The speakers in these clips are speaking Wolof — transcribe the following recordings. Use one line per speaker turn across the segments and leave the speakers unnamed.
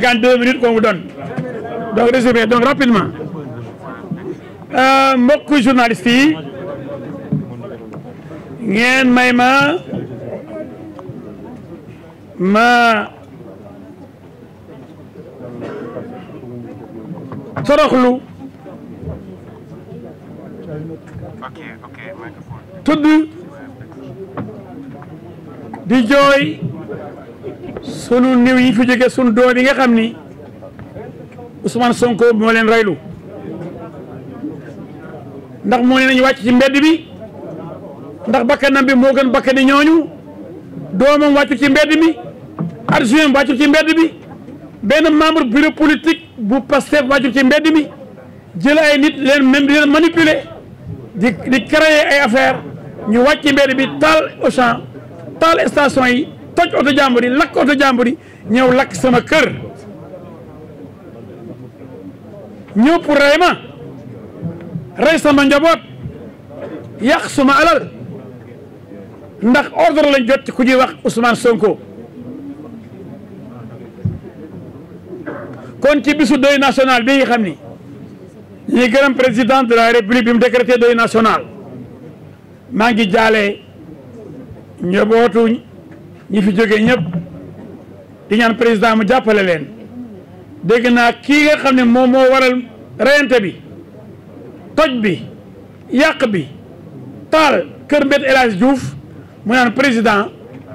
52 minutes qu'on vous donne. Donc, résumé, donc rapidement. Euh, beaucoup de journalistes, ngeen may ma ma Tout tudd di jooy sunu néew yi fi jóge sunu doom yi nga xam ni Ousmane Sonko moo leen raylu ndax moo ne nañu wàcc ci mbedd bi ndax bakkanam bi moo gën bakkani ñooñu doomam wàcc ci mbedd mi adjoint wàccu ci mbedd bi benn membre bureau politique bu Pastef wàccu ci mbedd mi jël ay nit leen même di leen ay affaire ñu wàcc ci mbedd bi taal Auchan taal station yi toj oto yi lakk oto jàmbur yi ñëw lakk sama kër ñëw pour rey ma rey sama njaboot yàq suma alal ndax ordre lañ jot ku ñuy wax Ousmane Sonko kon ci bisu national bi nga xam ni ñuy gërëm président de la république bi mu décrété deuil national maa ngi jaale njabootu ñi fi jógee ñëpp di ñaan président mu jàppale leen dégg naa kii nga xam ne moom moo waral reyante bi toj bi yàq bi taal kër Mbeth El Hadj Diouf mu naan président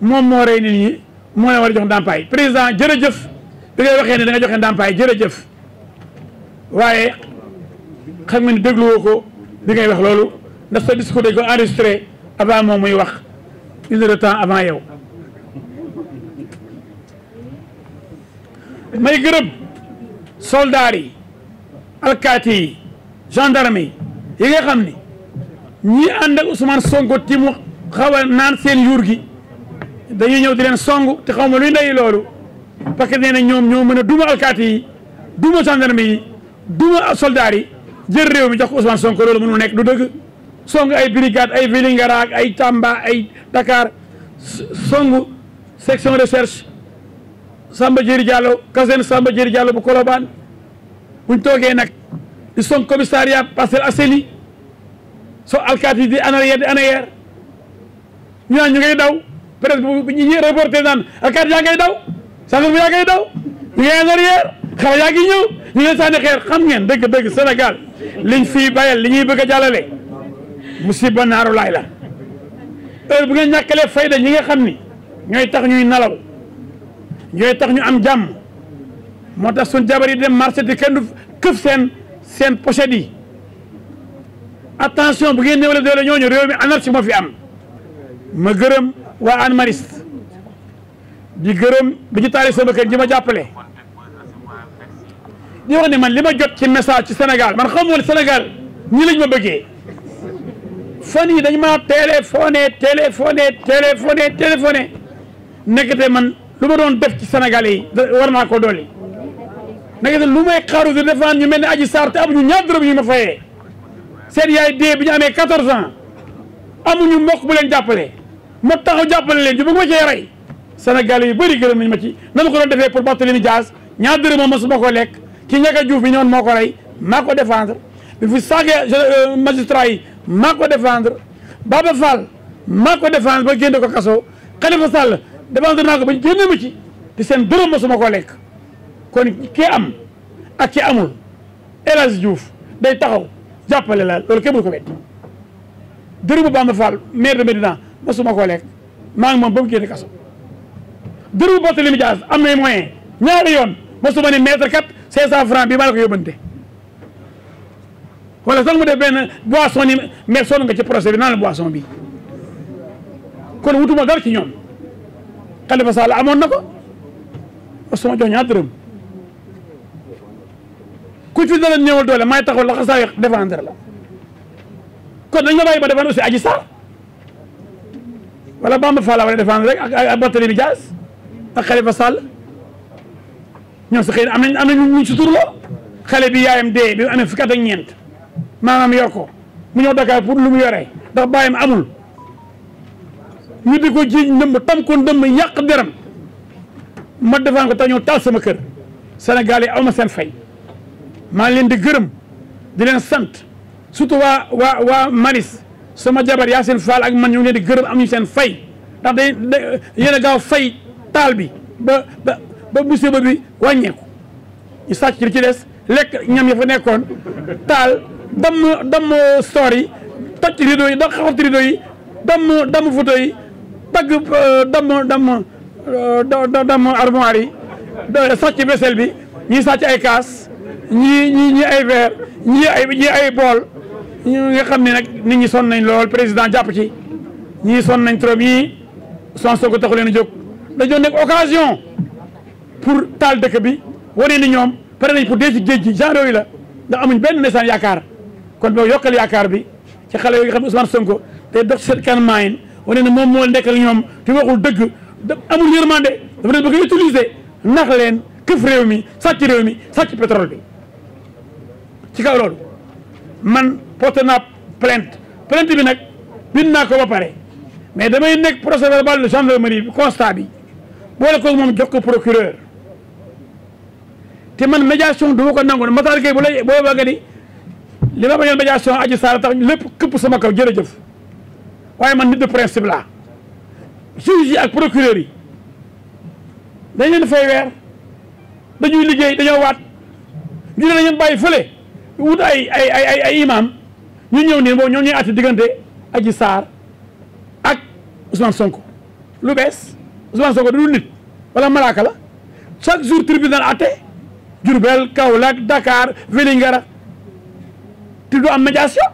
moom moo rey nit ñi moo leen war a jox ndàmpaay président jërëjëf bi ngay waxee ne da nga joxe ndàmpaay jëf waaye xam nga ne dégluwoo ko bi ngay wax loolu ndax sa discours dañ ko enregistré avant moom muy wax une heure de temps avant yow. may gërëm soldats yi alkaati yi gendarme yi yi nga xam ni ñi ànd ak Ousmane Sonko ti mu xaw a naan seen yuur gi dañuy ñëw di leen songu te xaw ma luy ndey loolu parce que nee na ñoom ñoo mën a duma alkaati yi duma gendarme yi duma soldats yi jël réew mi jox ko Ousmane Sonko loolu mënul nekk du dëgg song ay brigade ay Vélingara ay Tamba ay Dakar song section recherche Samba jeri Diallo kazen Samba jeri Diallo bu Colobane buñ toge nak di son commissariat Parcelles aseli so alkati di anaya arrière di en arrière ñu ngay daw peut-être bu ñi reporté nan alkati ya ngay daw gendarme ya ngay daw ñi ngay en arrière xale yaa ngi ñëw ñu ngi sànni xeer xam ngeen deug deug senegal liñ fi bayal liñ bëgg a musiba naru layla heure bu ngeen ñàkkalee fayda ñi nga xamni ni tax ñuy nalaw yooyu tax ñu am jàmm moo tax suñ jabar yi dem marché di kenn du këf seen seen pochette yi attention bu ngeen néewle doole ñooñu réew mi anarchie moo fi am ma gërëm waa maris di gërëm bi ñu taali sama kër ma jàppale di wax ne man li ma jot ci message ci senegal man xamuma senegal ñi lañ ma bëggee fan yi dañ ma téléphoné téléphoné téléphoné téléphoné nekkate man lu doon def ci Sénégalais yi war naa ko dolli naka de lu may xaru di defaan ñu mel ne aji saar te amuñu ñaar dërëm yu ma fayee seen yaay dee bi ñu amee 14 ans amuñu mbokk bu leen jàppale ma taxaw jàppale leen ñu bëgg ma cee rey Sénégalais yu bëri gërëm nañu ma ci na ma ko doon defee pour Barthélémy Dias ñaar dërëm moom mosuma ko lekk ki ñàkk juuf bi ñoon moo ko rey maa ko défendre bi fi saaga euh, magistrat yi maa ko défendre Baba Fall maa ko défendre ba génne ko kaso Khalifa Sall dépensé naa ko bañ génne ma ci te seen dërëm ma su ma lekk kon kii am ak ki amul El Hadj day taxaw jàppale la loolu kenn ko wet dërëmu Bamba Fall maire de Médina ma su ma koo lekk maa ngi moom ba mu génne kaso dërëmu Barthélémy Dias am nay moyen ñaari yoon ma su ma ne mètre kat cinq cent franc bii maa la ko yóbbante wala sax mu def benn boisson ni mais sonn nga ci procès bi naan la boisson bi kon wutuma dara ci ñoom Khalifa Sall amoon na ko parce que ma jox ñaar dërëm ku ci dana ñëwal doole may taxaw la xasaay défendre la kon dañ la bàyyi ba défendre aussi Adji Sarr wala Bamba Fall la war a défendre rek ak Barthélémy Dias ak Khalifa Sall ñoom si xëy na am nañ am nañu ñu si turloo xale bi yaayam dee bi mu amee fukki ñeent maanaam yor ko mu ñoo Dakar pour lu mu yore ndax bàyyam amul ñu di ko jiiñ ndëmb tam ko ndëmb yàq deram ma defaan ko tañoo taal sama kër Sénégal yi awma seen fay maa ngi leen di gërëm di leen sant surtout waa waa waa maris sama jabar yaa seen faal ak man ñu ngi leen di gërëm am ñu seen fay ndax day yéen a gaaw fay taal bi ba ba ba musiba bi wàññeeku ñu sàcc li ci des lekk ñam ya fa nekkoon taal damm damm stoor yi toj rideau yi da xaxat rideau yi damm damm photo yi dagg euh, damm damm euh, damm armoire yi sàcc vaisselle bi ñii sàcc ay kaas ñii ñii ay verre ñii ay ay bool ñu nga xam ne nag nit ñi sonn nañ lool président jàpp ci ñii sonn nañ trop ñii son soog a taxu leen a jóg dañoo nekk occasion pour taal dëkk bi wane ni ñoom pare nañ pour dee ci géej gi genre yooyu la ndax amuñ benn ndeysaan yaakaar kon boo yokkal yaakaar bi ci xale yooyu xam ne Ousmane Sonko te dox ci seen kan maayin wane ne moom moo nekk ak ñoom te waxul dëgg amul yërmande dafa leen bëgg utiliser nax leen këf réew mi sàcc réew mi sàcc pétrole bi ci kaw loolu man porté naa plainte plainte bi nag bind naa ko ba pare mais damay nekk procès verbal de gendarmerie bi constat bi boole ko moom jox ko procureur te man médiation du ma ko ma Matar Gueye bu lay boo bëgg di li ma bañoon médiation aji saara tax lépp këpp sama kaw jërëjëf waaye man nit de principe laa juge ak procureur yi dañ leen fay weer dañuy liggéey dañoo waat ñu ne dañu bàyyi fële wut ay ay ay ay imam ñu ñëw nii boobu ñoom ñooy àtte diggante Adji Sarr ak Ousmane Sonko lu bees Ousmane Sonko du nit wala malaaka la chaque jour tribunal àtte Diourbel Kaolack Dakar Vélingara te du am médiation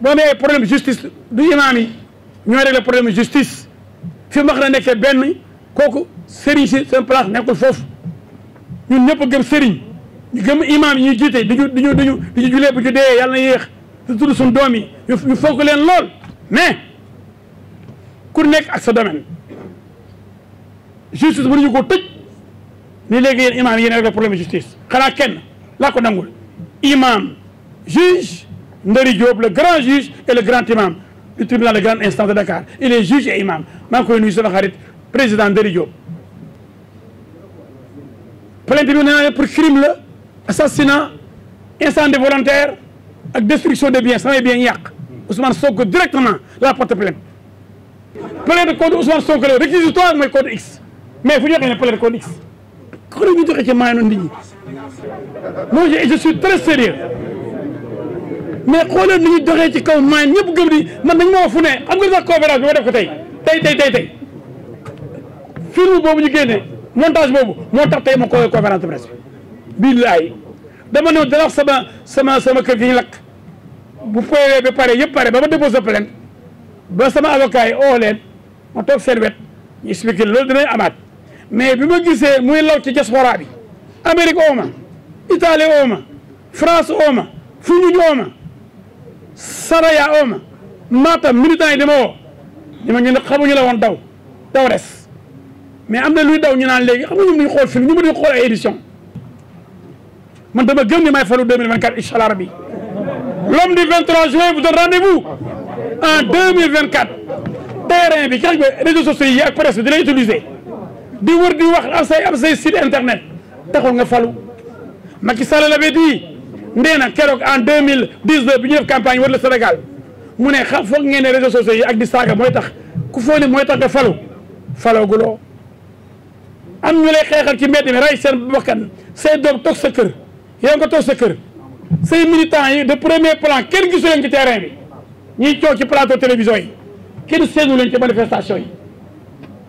bon un problème justice du y nous régler problème justice fi max na nekkee benn kooku sëriñ c'est un place ñun ñu yi bu du mais y a ak sa domaine justice a ko ni imam. y a un problème justice Il y a ko nangul imam juge Ndari Diop, le grand juge et le grand imam du tribunal le grand instance de Dakar. Il est juge et imam. Je suis le pas le président Ndari Diop. Plein tribunal pour crime assassinat incendie volontaire destruction des biens les biens yak. Ousmane Sonko directement la porte plainte. de contre Ousmane Sonko le réquisitoire mais code X mais qu'il n'y a pas plainte code X. ñu je suis très sérieux mais xoolee ni ñu doxee ci kaw maa ñëpp gëm di man dañ ma wax fu ne xam nga sax conférence bi ma def ko tey tey tey tey tey film boobu ñu génnee montage boobu moo tax tey ma koy conférence de presse bi dama ne dana wax sama sama sama kër gi ñu lakk bu poyee ba pare yëpp pare ba ma déposé plainte ba sama avocat yi oo leen ma toog seen wet ñu expliqué loolu dinañ amaat mais bi ma gisee muy law ci diaspora bi Amérique oo ma Italie oo ma France oo fu ñu oo sara ya ooma Matam militants yi ni ma ngi na xamu ñu la won daw daw res mais am na luy daw ñu naan léegi xamu ñu xol film ñu mën xol xool ay édition man dama gëm ni may falu 2024 inshallah rabbi rabi l'homme du 23 juin vous donne rendez-vous en 2024 terrain bi kañ réseaux sociaux yi ak presse di lay utiliser di wër di wax am say am say site internet taxul nga falu Macky Sall l'avait dit nee na en 2019 mille bi ñu campagne wër le Sénégal mu ne xam foog ngeen ne réseaux sociaux yi ak di saga moy tax ku foo moy tax tax falo falo gulo am ñu lay xéxal ci mbedd mi rey seen bakkan say doom tok sa kër yow nga tok sa kër say militants yi de premier plan kenn gisu leen ci terrain bi ñi ciow ci plateau télévision yi kenn seenu leen ci manifestation yi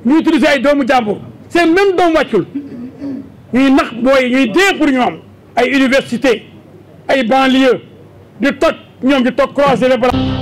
ñu utiliser ay doomu jambour c'est même doomu waccul ñi nax boy ñi dee pour ñom ay université ay banlieue di toj ñoom di toog croiser les bras